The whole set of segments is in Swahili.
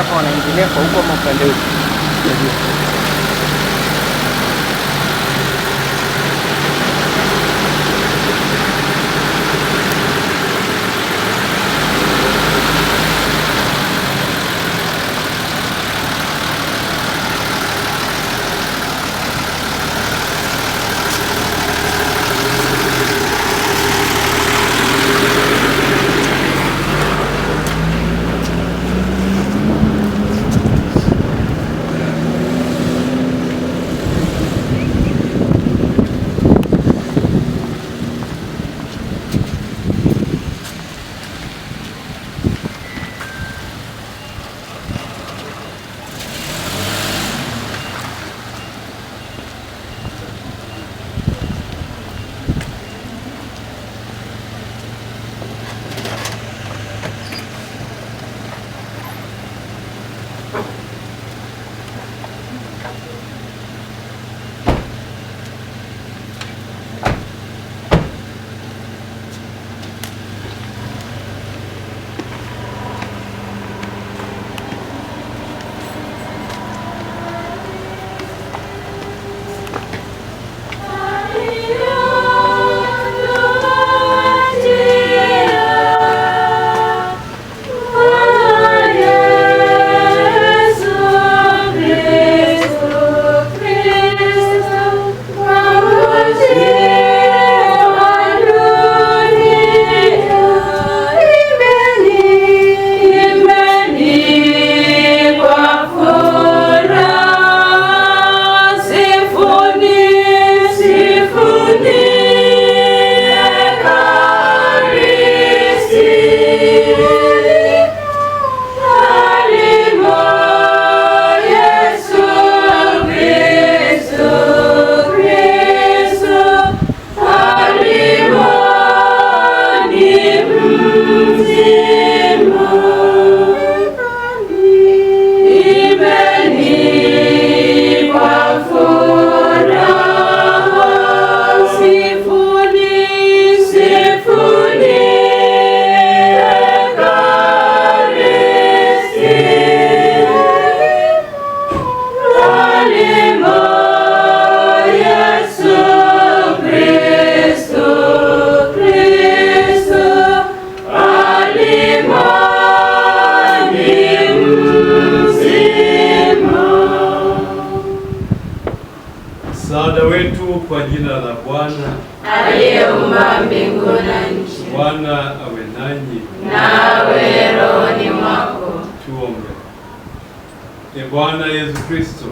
那可能今天超过某个度，就是。Msaada wetu kwa jina la Bwana aliyeumba mbingu na nchi. Bwana awe nanyi na awe rohoni mwako. Tuombe. E Bwana Yesu Kristo,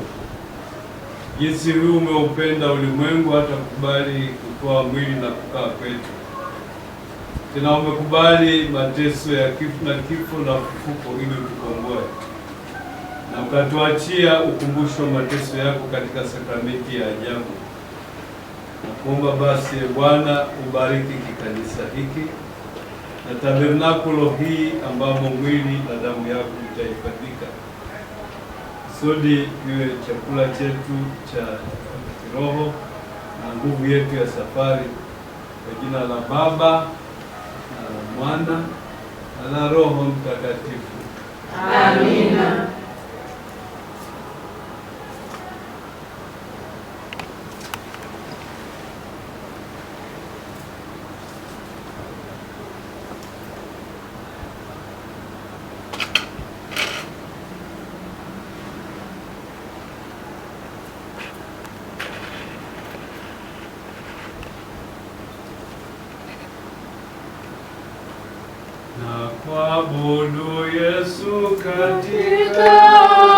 jinsi hii umeupenda ulimwengu hata kukubali kutoa mwili na kukaa kwetu, tena umekubali mateso ya kifo na kifo na ufufuko ili tukomboe na ukatuachia ukumbusho wa mateso yako katika sakramenti ya ajabu. Nakuomba basi e Bwana, ubariki kikanisa hiki na tabernakulo hii ambamo mwili na damu yako itahifadhika, kusudi iwe chakula chetu cha kiroho na nguvu yetu ya safari. Kwa jina la Baba na la Mwana na la Roho Mtakatifu, amina. Mwabudu Yesu katika